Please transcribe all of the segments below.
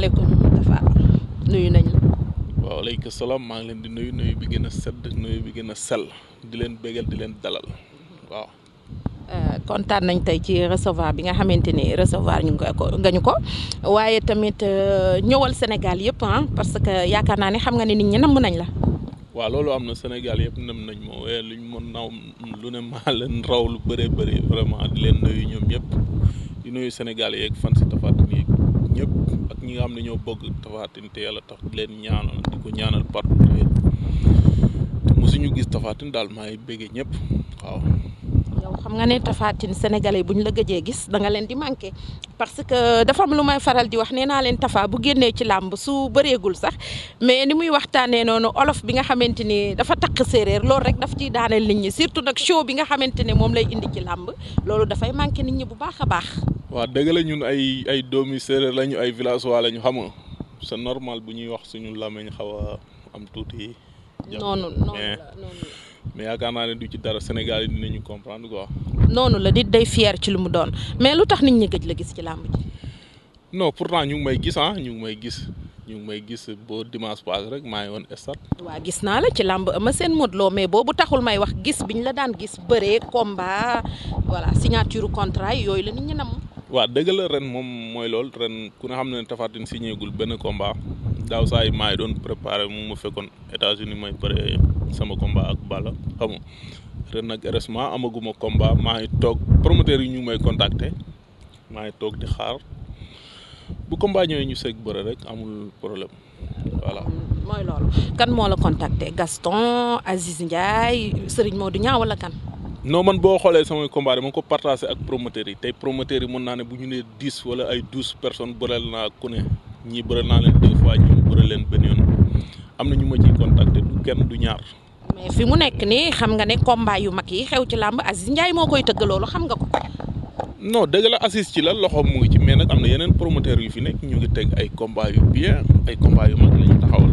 asalaamaaleykum Moustapha nuyu nañ salaam maa ngi leen di nuyu nuyu bi gën a sedd nuyu bi gën a sell di leen bégal di leen dalal waaw. Euh, kontaan nañ tey ci recevoir bi nga xamante ni recevoir ñu nga ko nga ko waaye tamit euh, ñëwal Sénégal yëpp ah parce que yaakaar naa ne xam nga ne nit ñi namm nañ la. waa loolu am na Sénégal yëpp nam nañ ma waaye luñ mën naw lu ne maa leen raw lu bëree bëri vraiment di leen nuyu ñoom ñëpp di nuyu Sénégal yeeg fan si tafaat yeeg ñëpp ak ñi nga xam ne ñoo bëgg Tapha Tine te yàlla tax leen ñaanal di ko ñaanal partout te mosuñu gis Tapha Tine daal maay bëggee ñëpp waaw. xam nga ne Tapha Tine sénégalais bu ñu la gëjee gis da nga leen di manqué parce que dafa am lu may faral di wax nee naa leen Tapha bu génnee ci làmb su bëreegul sax mais ni muy waxtaanee noonu olof bi nga xamante ni dafa takk séeréer loolu rek daf ciy daaneel nit ñi surtout nag show bi nga xamante ne moom lay indi ci làmb loolu dafay manqué nit ñi bu baax a waaw dëgg la ñun ay ay doomi séeréer lañu ay village waa lañu xam nga c'est normal bu ñuy wax suñu làmmiñ xaw a am tuuti. noonu noonu la mais yaakaar naa ne du ci dara Sénégal yi dinañu comprendre quoi. noonu la nit day fier ci lu mu doon mais lu tax nit ñi gëj la gis ci làmb ji. non pourtant ñu ngi may gis ah ñu may gis ñu ngi may gis boo dimanche passé rek maa ngi woon stade. waaw gis naa la ci làmb ama seen Modou Lo mais boobu taxul may wax gis bi ñu la daan gis bëree combat voilà signature contrat yooyu la nit ñi wa dëgg la ren mom moy lol ren ku na xamne tafatine signé gul ben combat daw say may don préparer mu mu fekkon États-Unis may paré sama combat ak Balla xam ren nak heureusement amaguma combat may tok promoteur yi ñu may contacter may tok di xaar bu combat ñoy ñu sék bëre rek amul problème voilà. moy lol, kan mo la contacter Gaston Aziz ndjay Serigne Modou Niang wala kan. non man boo xoolee samay combat dama ko partagé ak promoteurs yi tey promoteurs yi mën naa ne bu ñu nee dix wala ay douze personnes bëreel naa ku ne ñii bëreel naa leen deux fois ñii bëreel leen benn yoon am na ñu ma ciy contacter du kenn du ñaar. mais fi mu nekk nii xam nga ne combat yu mag yi xew ci làmb Aziz njaay moo koy tëgg loolu xam nga ko. non dëgg la Aziz ci la loxo mu ngi ci mais nag am na yeneen promoteurs yu fi nekk ñu ngi teg ay combat bien ay combat yu mag la ñu taxawal.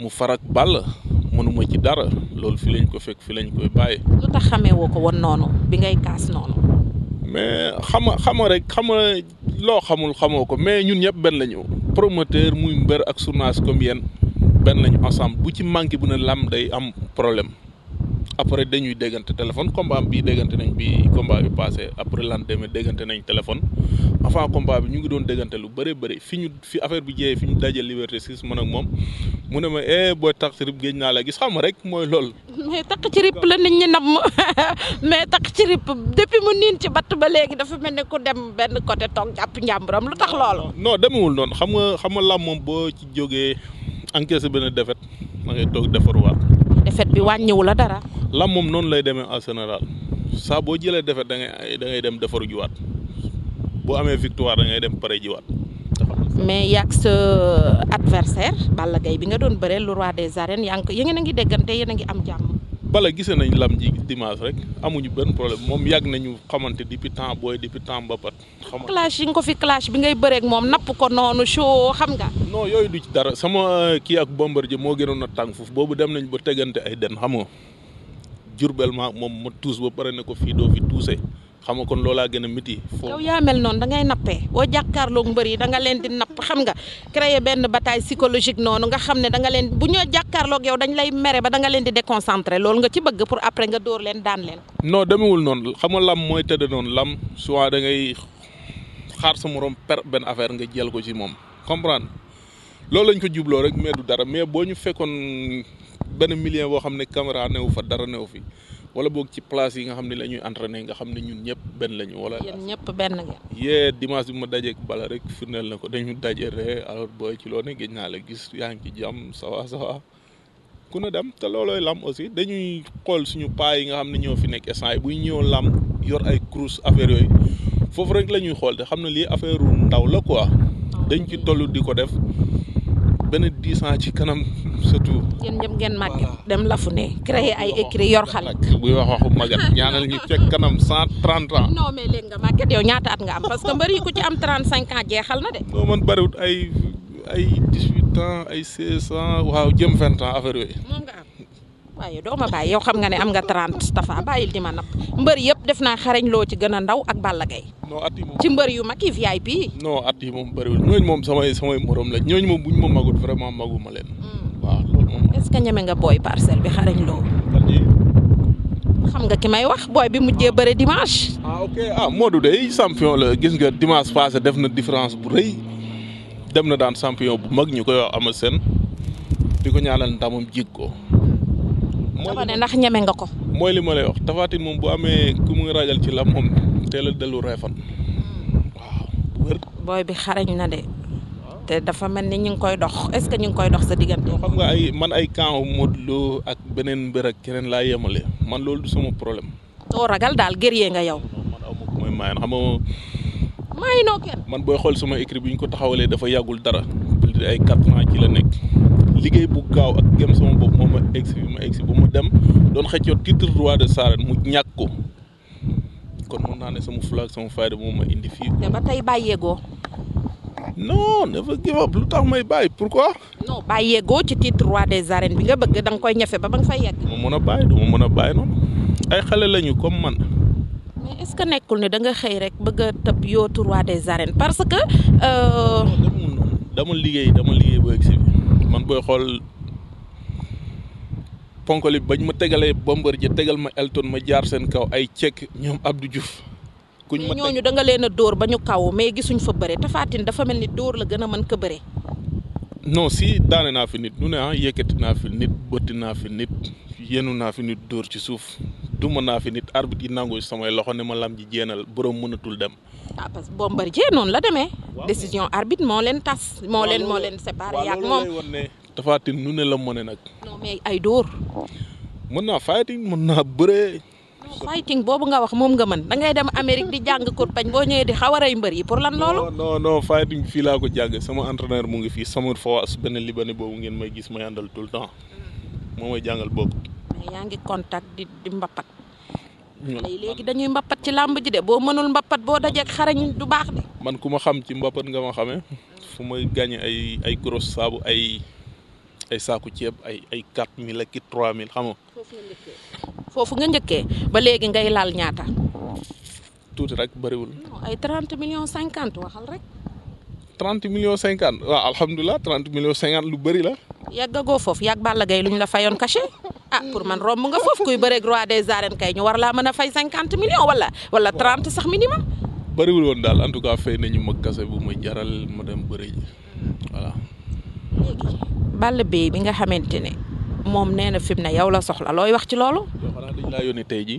mu farak bal mënuma ci dara loolu fi lañ ko fekk fi lañ koy bàyyi. lu tax xamee woo ko woon noonu bi ngay kaas noonu. mais xama xama rek xama loo xamul xamoo ko mais ñun ñëpp benn lañu promoteur muy mbër ak journaliste comme yéen benn lañu ensemble bu ci manqué bu ne lam day am problème. après dañuy déggante téléphone combat bi déggante nañ bi combat bi passé après lendemain déggante nañ téléphone avant combat bi ñu ngi doon déggante lu bëri bëri fi ñu fi affaire bi jeexee fi ñu daje Liberté 6 man ak moom mu ne ma eh booy takk ci rip géej naa la gis xam rek mooy loolu. mooy takk ci rip la nit ñi nam mais depuis mu niin ci batt ba léegi dafa mel ne ku dem benn côté toog jàpp njàmburam lu tax loolu. non demewul noonu xam nga xam nga làmm moom boo ci jógee encaissé benn défaite défaite bi wàññiwu la dara. lam moom noonu lay demee en général saa boo jëlee défaite da da dem defaru jiwaat boo amee victoire da ngay dem pare jiwaat. mais yàgg sa adversaire Balla Gaye bi nga doon bëree le roi des arènes yaa ngi ko yéen a ngi déggante yéen a ngi am jàmm. bala gisee nañ lam ji dimanche rek amuñu benn problème moom yàgg nañu xamante depuis temps booy depuis temps ba pat xam clash yi nga ko fi clash bi ngay bëreek moom napp ko noonu show xam nga. non yooyu du ci dara sama euh, kii ak Bombardier moo gënoon a tàng foofu boobu dem nañ ba tegante ay den xam nga Jurbel ma moom ma tuus ba pare ne ko fii doo fi tuuse xam nga kon loolaa gën a miti. foofu yow yaa mel noonu da ngay nappee boo jàkkaarloog mbër yi da nga leen di napp xam nga créer benn bataille psychologique noonu nga xam ne da nga leen bu ñoo jàkkaarloog yow dañ lay mere ba da leen di déconcentré lool nga ci bëgg pour après nga dóor leen daan leen. non demewul noonu xam nga lam mooy tëdd noonu lam souvent da ngay xaar sa moroom per benn affaire nga jël ko ci moom comprendre loolu lañ ko jubloo rek mais du dara mais boo ñu fekkoon benn million woo xam ne caméra newu fa dara newu fi. wala boog ci place yi nga xam ne la ñuy entraîner nga xam ne ñun ñëpp benn lañu. wala yéen ñëpp benn ngeen. yee dimanche bi ma dajeeg bala rek firndeel na ko dañu daje rek alors booy ci loo ne gëj naa la gis yaa ngi ci jàmm ça va ça va ku ne dem te loolooy lam aussi dañuy xool suñu paa yi nga xam ne ñoo fi nekk instant yi buy ñëw lam yor ay cruise affaire yooyu foofu rek la ñuy xool te xam ne lii affaire ndaw la quoi. Ah, dañ ci toll di ko def. benn dix ans ci kanam surtout. yéen ñëpp ngeen màgg dem lafu ne créer ay écrit yor buy wax waxu magat ñaanal ñu fekk kanam cent trente ans. non mais ñaata at nga am parce que mbëri yi ku ci am trente cinq ans jeexal na de. non man bëriwut ay ay dix huit ans ay seize ans waaw jëm vingt ans affaire yooyu. waaye doo ma bàyyi yow xam nga ne am nga 30 tafa bàyyil di ma napp mbër yëpp def naa xarañ loo ci gën a ndaw ak Balla Gaye at yi moom ci mbër yu mag yi VIP non at yi moom bëriwul ñooñu moom samay samay la ñooñu moom buñ ma magut vraiment maguma leen hmm. waaw ce que ñeme nga booy parcelle bi xarañ loo xam nga ki may wax booy bi mujjee bëre dimanche ah ok ah Modou day la gis nga dimanche passé def na différence bu rëy dem na daan champion bu mag ñu koy wax ama seen di ko na ndamam jig ko dafa ne ndax ñeme nga ko. mooy li ma lay wax Tapha Tine moom boo amee ku mu rajal ci lam moom teel a dellu reefan waaw wër. booy bi xarañ na de. te dafa mel ni ñu ngi koy dox est-ce que ñu ngi koy dox sa diggante. xam nga ay man ay camp Modou Lo ak beneen mbër keneen laa yemale man loolu du sama problème. soo ragal daal guerrier nga yow. man aw xam nga. maay noo kenn. man booy xool sama écrit bi ñu ko taxawalee dafa yàggul dara. ay quatre ans ci la nekk. liggéey bu gaaw ak gem sama bopp moom ma egsi ma exi bu ma dem doon xëccoo titre roi de Sarène mu ñàkk ko kon mun naa ne sama flag sama fayda moom ma indi fii. ne ba tey bàyyeegoo. non never give up lu tax may bàyyi pourquoi. non bàyyeegoo ci titre roi des arènes bi nga bëgg da nga koy ñafe ba ba nga fay yegg. ma mën a bàyyi du ma mën a bàyyi noonu ay xale lañu comme man. mais est ce que nekkul ne da nga xëy rek bëgg a tëb yootu roi des arènes parce que. Euh, dama liggéey dama liggéey ba exi man booy xool ponkoli bañ ma tegalee Bombardier tegal ma Elton ma jaar seen kaw ay cek ñoom Abdou Diouf. kuñ ma ñooñu da nga leen dóor ba ñu kaw mais gisuñ fa bëre Tapha dafa mel ni dóor la gën a mën ko bëre. non si daane naa fi nit nu ne ah yëkkati naa fi nit bëtti naa fi nit yenu naa fi nit dóor ci suuf duma na fi nit arbitre yi nangu samay loxo ne ma lam ji jenal borom meunatul dem ah parce que bombardier non la demé décision arbitre mo len tas mo len mo len séparer yak mom dafa tin nu ne la moné nak non mais ay dor mën na fighting mën na beuré fighting bobu nga wax mom nga man da ngay dem amerique di jang kur pañ bo ñëwee di xawara a mbeur yi pour lan lolu non non fighting fi la ko jàng sama entraîneur mu ngi fi samour fawas ben libané bobu ngeen may gis may andal tout temps mm. moo may jàngal yaa ngi contact di di mbapat hmm. lay léegi dañuy mbapat ci lamb ji de bo mënul mbappat boo dajeeg xarañ du bax de man kuma xam ci mbapat nga ma xamee fu may gagné ay ay gros sabu ay ay saku ceeb ay ay 4000 ak 3000 xam nga foofu nga ñëkke ba léegi ngay laal ñaata tout rek bari wul ay 30 millions 50 waxal rek 30 millions 50 wa alhamdullah 30 millions 50 lu bari la yàggagoo foofu yag balla gay luñ la fayon cachet ah pour man mm-hmm. romb nga foofu kuy bëreeg roi des arènes kay ñu war laa mën a fay cinquante millions wala wala trente sax minimum. bëriwul woon daal en tout cas fay nañu ma kase bu ma jaral ma dem bëri ji voilà. bi nga xamante ne moom nee na fi ne yow la soxla looy wax ci loolu. yow xanaa tey ji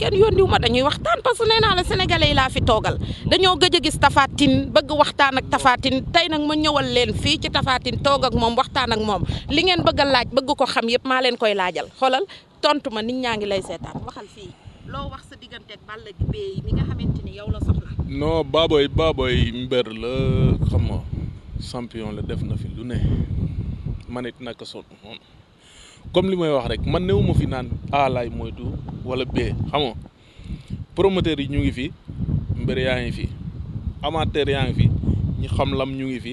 kenn yónniwu ma dañuy waxtaan parce que nee naa la sénégalais yi laa fi toogal dañoo gëj a gis tafaatin bëgg waxtaan ak tafaatin tey nag ma ñëwal leen fii ci tafaatin toog ak moom waxtaan ak moom li ngeen bëgg a laaj bëgg ko xam yëpp maa leen koy laajal xoolal tontu ma nit ñaa ngi lay seetaan waxal fii loo wax sa diggante ak Balla Gaye mi nga xamante ni yow la soxla. non baaboy baaboy mbër la xam nga la def na fi lu ne man naka sonn comme li may wax rek man néew ma fi naan A laay moytu wala B xam nga yi ñu ngi fi mbër yaa ngi fi amateur yaa ngi fi ñu xam lam ñu ngi fi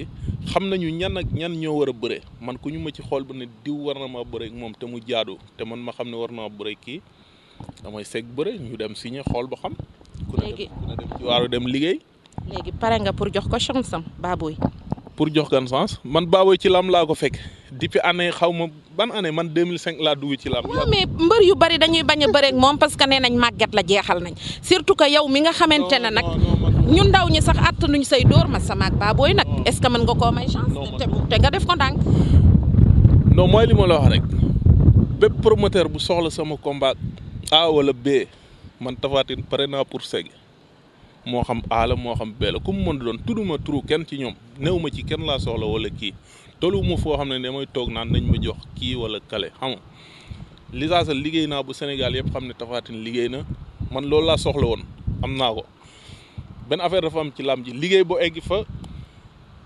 xam nañu ñan ak ñan ñoo war a bëre man ku ñu ma ci xool ba ne diw war na maa moom te mu jaadu te man ma xam ne war naa bëre kii damay segg bëre ñu dem signé xool ba xam. ku ne dem ci waaru dem liggéey. léegi pare nga pour jox ko chance am Baboye pour jox gan sens man baaboy ci lam laa ko fekk depuis année xaw ma ban année man 2005 laa dugg ci lam. waaw mais mbër yu bari dañuy bañ a bëreeg moom parce que nee nañ màgget la jeexal nañ surtout que yow mi nga xamante ne nag. ñu ndaw ñi sax attanuñ say dóor ma sama ak baaboy nag est-ce que mën nga koo may chance. te nga def ko ndànk. non mooy li ma la wax rek bépp promoteur bu soxla sama combat A wala B man Tapha pare naa pour segg. moo xam ala moo xam beela ku mu mën doon tudduma turu kenn ci ñoom néew ma ci kenn laa soxla wala kii tolu ma foo xam ne ne damay toog naan nañ ma jox kii wala kale xam nga liggéey naa bu senegal yëpp xam ne Tapha liggéey na man loolu laa soxla woon am naa ko benn affaire dafa am ci làmb ji liggéey boo egg fa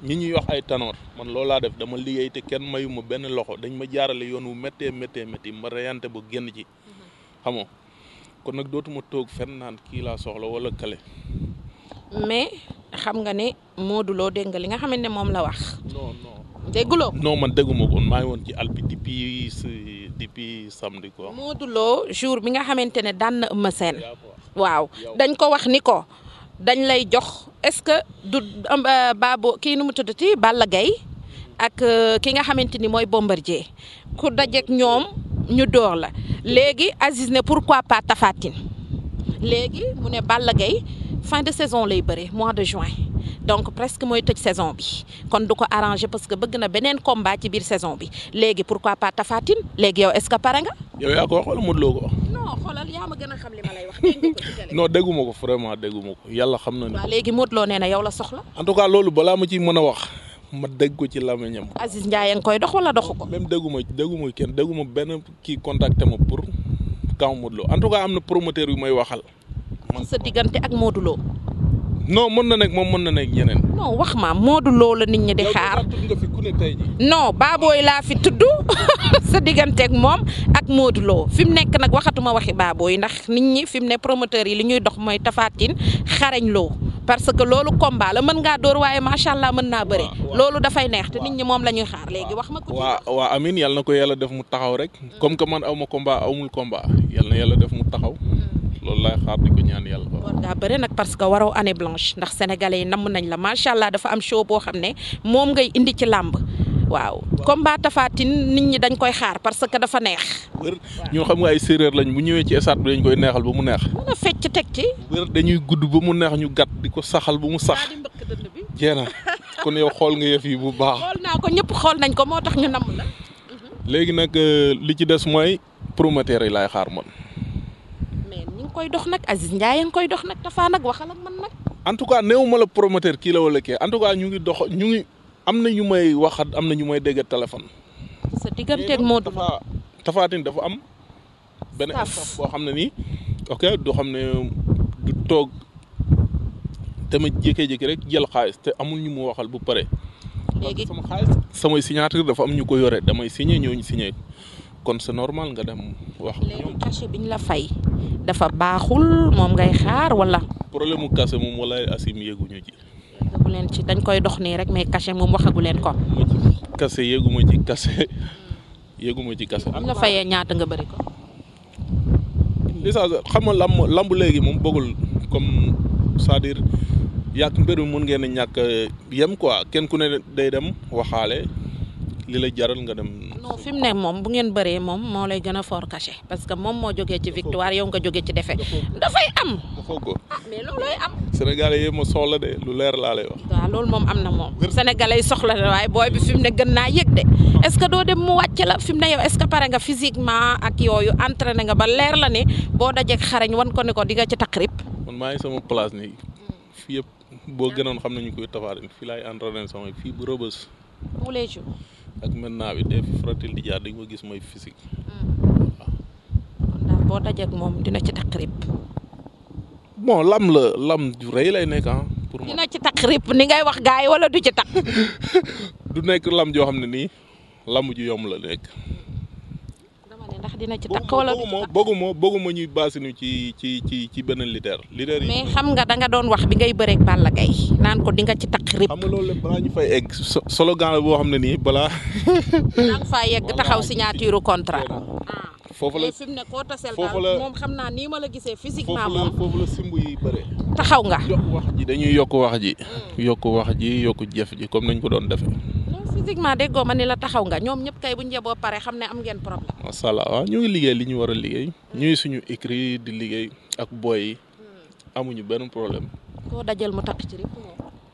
ñi ñuy wax ay tanoor man loolu laa def dama liggéey te kenn mayuma benn loxo dañ ma jaarale yoon wu méttee méttee métti ma reyante bu génn ci mhm. xam nga kon nag dootuma toog fenn naan kii laa soxla wala kale. mais xam nga ne mooduloo Lo dégg nga li nga xamante ne moom la wax. non non dégguloo non man dégguma ko maa ngi woon ci albi depuis depuis samedi mooduloo jour bi nga xamante ne daan na Eumeu Sène. waaw dañ ko wax ni ko dañ lay jox est-ce que du euh, baabo kii nu mu tuddati Balla Gaye ak euh, ki nga xamante ni mooy Bombardier ku dajeek ñoom. ñu door la léegi Aziz ne pourquoi pas Tafatine Tine léegi mu fin de saison lay mois de juin donc presque moi tëj saison bi kon du arranger parce que bëgg na beneen combat ci biir saison bi léegi pourquoi pas Tafatine Tine yow est-ce que paranga yow ya ko xol wala Modou ko non xolal yaa ma gën xam li ma lay wax. non dégguma vraiment dégguma Yalla xam na ne. waaw léegi Modou Lo nee yow la soxla. en tout cas lolu bala ma ci mëna wax. ma dégg ko ci làmmiñam. Aziz Ndiaye nga koy dox wala doxu ko. même dégguma dégguma kenn dégguma benn ki contacté ma pour kaw Modou Lo en tout cas am na promoteur yu may waxal. man sa diggante ak Modou Lo. mën na nekk moom mën na nekk ñeneen. non wax ma Modou la nit ñi di xaar nga fi baabooy laa fi tudd sa digganteeg moom ak Modou Lo fi mu nekk nag waxatuma waxi baabooy ndax nit ñi fi mu ne promoteur yi li ñuy dox mooy Tapha Tine xarañ Lo. parce que loolu combat la mën ngaa dóor waaye macha allah mën naa bëre. loolu dafay neex te nit ñi moom la ñuy xaar léegi wax ma ko. waa waa amin yàlla na ko yàlla def mu taxaw rek. comme que man aw ma combat awmul combat yàlla na yàlla def mu taxaw. Hmm. loolu laay xaar di ko ñaan yàlla. war ngaa que waroo année blanche ndax sénégalais yi namm nañ la macha allah dafa am show boo xam ne moom ngay indi ci làmb. waaw combat Tapha Tine nit ñi dañ koy xaar parce que dafa neex. wër ñoo xam nga ay séeréer lañ bu ñëwee ci esaat bi dañ koy neexal ba mu neex. mën a fecc teg ci. dañuy gudd ba mu neex ñu gàtt di ko saxal ba mu sax. jeena kon yow xool nga yëf yi bu baax. xool naa ko ñëpp xool nañ ko moo tax ñu namm la. Mhm. léegi nag euh, li ci des mooy promoteur yi laay xaar man. mais koy dox nag Aziz Ndiaye ngi koy dox nag Tapha nag waxal ak man nag. en tout cas néew ma la promoteur kii la wala kii en tout ñu ngi dox ñu ngi. am na ñu may waxat am na ñu may dégg téléphone. sa digganteeg Modou Lo Tapha dafa am. benn staff boo xam ne nii. ok doo xam ne du toog tamit jékki-jékki rek jël xaalis te amul ñu mu waxal bu pare. léegi sama xaalis samay signature dafa am ñu ko yore damay signé ñooñu signé kon c'est normal nga dem wax. léegi cachet bi ñu la fay dafa baaxul moom ngay xaar wala. problème mu cachet moom walla asim yéeguñu ji. ci dañ koy dox nii rek mais cachet moom waxagu leen ko. kase yëguma ci kase yëguma ci kase. am nga fayee ñaata nga bëri ko. licence xam nga lamb lamb léegi moom bëggul comme c'est-à-dire yàq mbir mun ngeen ñàkk yem quoi kenn ku ne day dem waxaale li lay jaral nga dem. non fi mu ne moom bu ngeen bëree moom moo lay gën a fort parce que moom moo jógee ci victoire yow nga jógee ci défait dafay am. Ah, am. Sénégalais yi ma soxla de lu leer laa lay wax. na moom. Sénégalais yi soxla de waaye booy bi ne gën naa yëg de est ce que doo dem mu wàcc la fi ne yow est ce que pare nga physiquement ak yooyu entraîné nga ba leer la ne boo dajek xarañ wan ko ne ko di nga ci taqrib. man maa sama place nii fii yëpp boo gënoon xam nañu koy tafaarin fii laay entraîné sama fii ak maintenant bi des fratil di dañ ma gis mooy physique. waaw. Mm. kon daal moom dina ci takrib. bon lam la lam ju rëy lay nekk ah, pour pour dina ci takrib ni ngay wax gaa yi wala du ci tak. du nekk lam joo xam ne nii lam ju yomb la nekk. dina ci takk wala bëgguma mo bëgguma ñuy ini ci ci ci ci benn leader leader yi mais xam nga da nga doon wax bi ngay bëreeg Balla Gaye naan ko di nga ci takk rib xam nga loolu balaa ñu fay egg slogan la boo xam ne nii balaa daan yegg taxaw signature contrat ah. foofu la fi ne koo ma la gisee physiquement la yi taxaw nga wax ji dañuy wax ji mm. wax ji ji comme nañ ko doon pratiquement déggoo ma ni la taxaw nga ñoom ñëpp kay bu ñu jeboo pare xam ne am ngeen problème. macha allah waaw ñu liggéey li ñu war a liggéey. Hmm. ñuy suñu écrit di liggéey ak boy yi. Hmm. amuñu benn problème. koo dajal mu takk ci rek.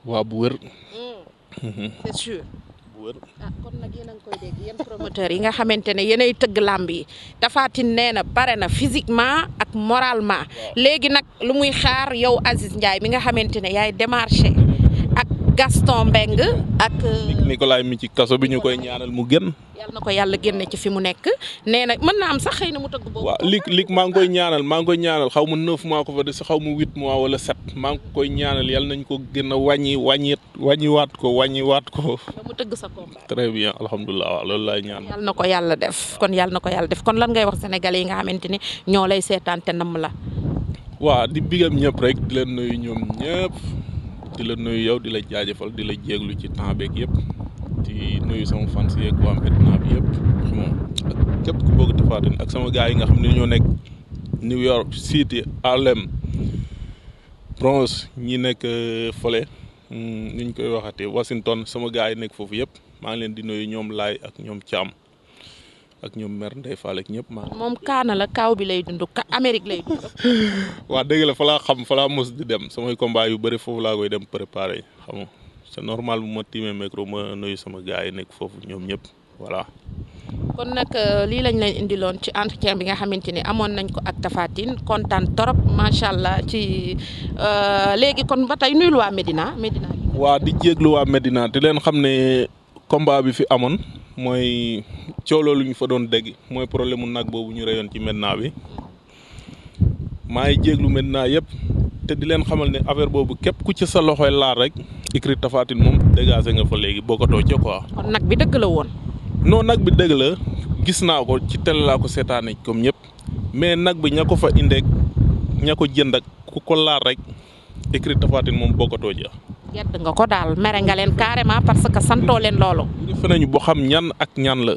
waa bu wër. Hmm. Ah, yi nga xamante ne yéenay tëgg làmb yi Tapha Tine nee na pare na physiquement ak moralement léegi nag lu muy xaar yow Aziz Ndiaye mi nga xamante ne yaay démarché. Gaston Mbengue ak. Euh, Nicolas mi ci kaso bi ñu koy ñaanal mu génn. yàlla na ko yàlla génne ci fi mu nekk nee na mën naa am sax xëy na mu tëgg boobu. waaw lig lig maa ngi koy ñaanal maa ngi koy ñaanal xaw ma neuf mois ko fa des xaw ma huit mois wala sept maa ngi koy ñaanal yàlla nañ ko wàññi wàññi ko wàññiwaat ko. ba mu tëgg sa combat. très bien alhamdulilah loolu laay ñaan. yàlla na ko yàlla def kon yàlla na ko yàlla def kon lan ngay wax sénégalais yi nga xamante ni ñoo lay seetaan te namm la. waaw di bigam ñëpp rek di leen nuyu ñoom ñëpp di la nuyu yow di la jaajëfal di la jéeglu ci temps beeg yëpp di nuyu sama fans yeeg waa Medina bi yëpp xam nga ak képp ku bëgg ak sama gars yi nga xam ne ñoo nekk New York City Harlem Bronx ñi nekk euh, fële mm, ni ñu koy waxatee Washington sama gaa yi nekk foofu yëpp maa ngi leen di nuyu ñoom laay ak ñoom Thiam. ak ñoom mer Ndeye Fall ak ñëpp maa. moom kaana la kaaw bi lay dund ka Amérique lay dund. waa dëgg la fa laa xam fa laa mos di dem samay combat yu bëri foofu laa koy dem préparé xam nga normal bu ma tiimee micro ma nuyu sama gars nekk foofu ñoom ñëpp voilà. kon nag euh, lii lañ leen indiloon ci entretien bi nga xamante ni amoon nañ ko ak Tapha kontaan trop macha allah ci euh, léegi kon ba tey nuyul waa Medina Medina. waa di jéglu waa Medina di leen xam ne combat bi fi amoon. mooy coow loolu ñu fa doon dégg mooy problème mu nag boobu ñu reyoon ci Médina bi maa ngi jéeglu Médina yëpp te di leen xamal ne affaire boobu képp ku ci sa loxoy laal rek écrit tafaatin moom dégagé nga fa léegi bokkatoo ca quoi. kon nag bi dëgg la woon. non nag bi dëgg la gis naa ko ci télé laa ko seetaanee comme ñëpp mais nag bi ña ko fa indeeg ña ko jënd ku ko laal rek écrit tafaatin moom bokkatoo ja gedd nga ko daal mere nga leen carrément parce que santoo leen loolu. defe nañu boo xam ñan ak ñan la.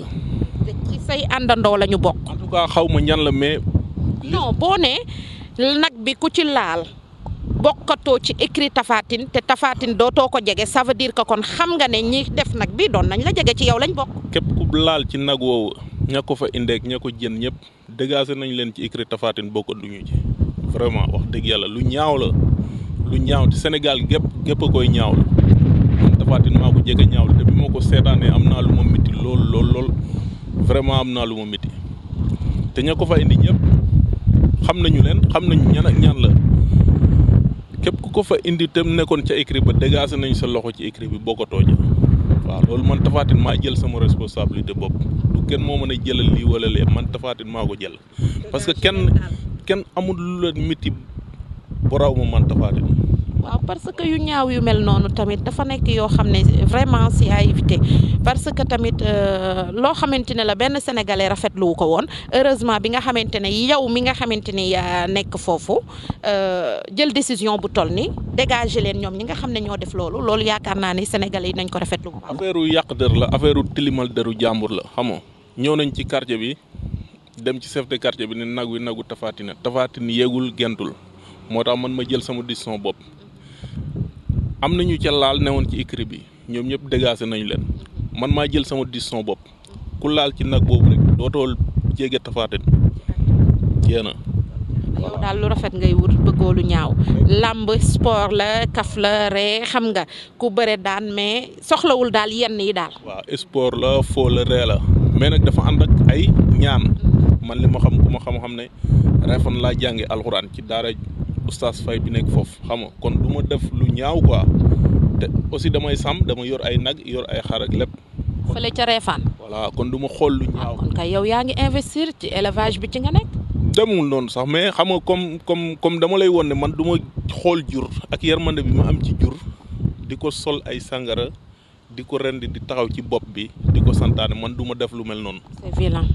ci say àndandoo lañu bokk. en tout xaw ma ñan la mais. non boo nee nag bi ku ci laal. bokkatoo ci écrit tafaatin te tafaatin dootoo ko jege ça veut dire kon xam nga ne ñi def nag bi doon nañ la jege ci yow lañ bokk. képp ku laal ci nag woowu ña ko fa indeeg ña ko jën ñëpp dégagé nañ leen ci écrit tafaatin bokkatuñu ci vraiment wax dëgg yàlla lu ñaaw la. lu ñaaw te Sénégal gépp gépp a koy ñaawlu man Tapha Tine maa ko jege ñaawlu ko seetaanee am naa lu ma métti lool lool lool vraiment am naa lu ma métti te ko fa indi ñëpp xam nañu leen xam nañu ñan ak la képp ku ko fa indi te nekkoon ca écrit ba dégagé nañ sa loxo ci écrit bi boo ko toojee waaw loolu man Tapha Tine maa jël sama responsabilité bopp du kenn moo mën a jëlal lii wala lee man Tapha ko jël parce que kenn kenn amul lu leen métti bu raw ma man Tapha waaw parce que yu ñaaw yu mel noonu tamit dafa nekk yoo xam ne vraiment c'est ay éviter parce que tamit euh, loo xamante ne la benn sénégalais rafetlu wu ko woon heureusement bi nga xamante ne yow mi nga xamante ni yaa nekk foofu euh, jël décision bu toll ni dégager leen ñoom ñi nga xam ne ñoo def loolu loolu yaakaar naa ni sénégalais yi nañ ko rafetlu bu baax. affaire yu yàq dër la affaire yu tilimal deru jàmbur la xam nga ñëw nañ ci quartier bi dem ci chef de quartier bi ne nag wi nagu tafaati na tafaati ni yéegul moo tax man ma jël sama décision bopp. am na ñu ca laal newoon ci écrit bi ñoom ñëpp dégagé nañu leen man maa jël sama décision bopp ku laal ci nag boobu rek dootool jege tafaatin yéena yow daal lu rafet ngay wut bëggoo lu ñaaw làmb sport la kaf la ree xam nga ku bare daan mais soxlawul daal yenn yi daal. waaw sport la foo la ree la mais nag dafa ànd ak ay ñaan man li ma xam ku ma xam-xam ne refan laa jàngi alxuraan ci daara oustaz Faye bi nekk foofu xam nga kon duma def lu ñaaw quoi te aussi damay sàmm dama yor ay nag yor ay xarak ak lépp. fële ca Réfane. voilà kon du ma xool lu ñaaw. Ah, kon kay yow yaa ngi investir ci élevage bi ci nga nekk. demul noonu sax mais xam nga comme comme comme dama lay woon ne man duma xool jur ak yar yërmande bi ma am ci jur di ko sol ay sàngara di ko rend di taxaw ci bopp bi di ko santaane man duma def lu mel noonu. c'est violent.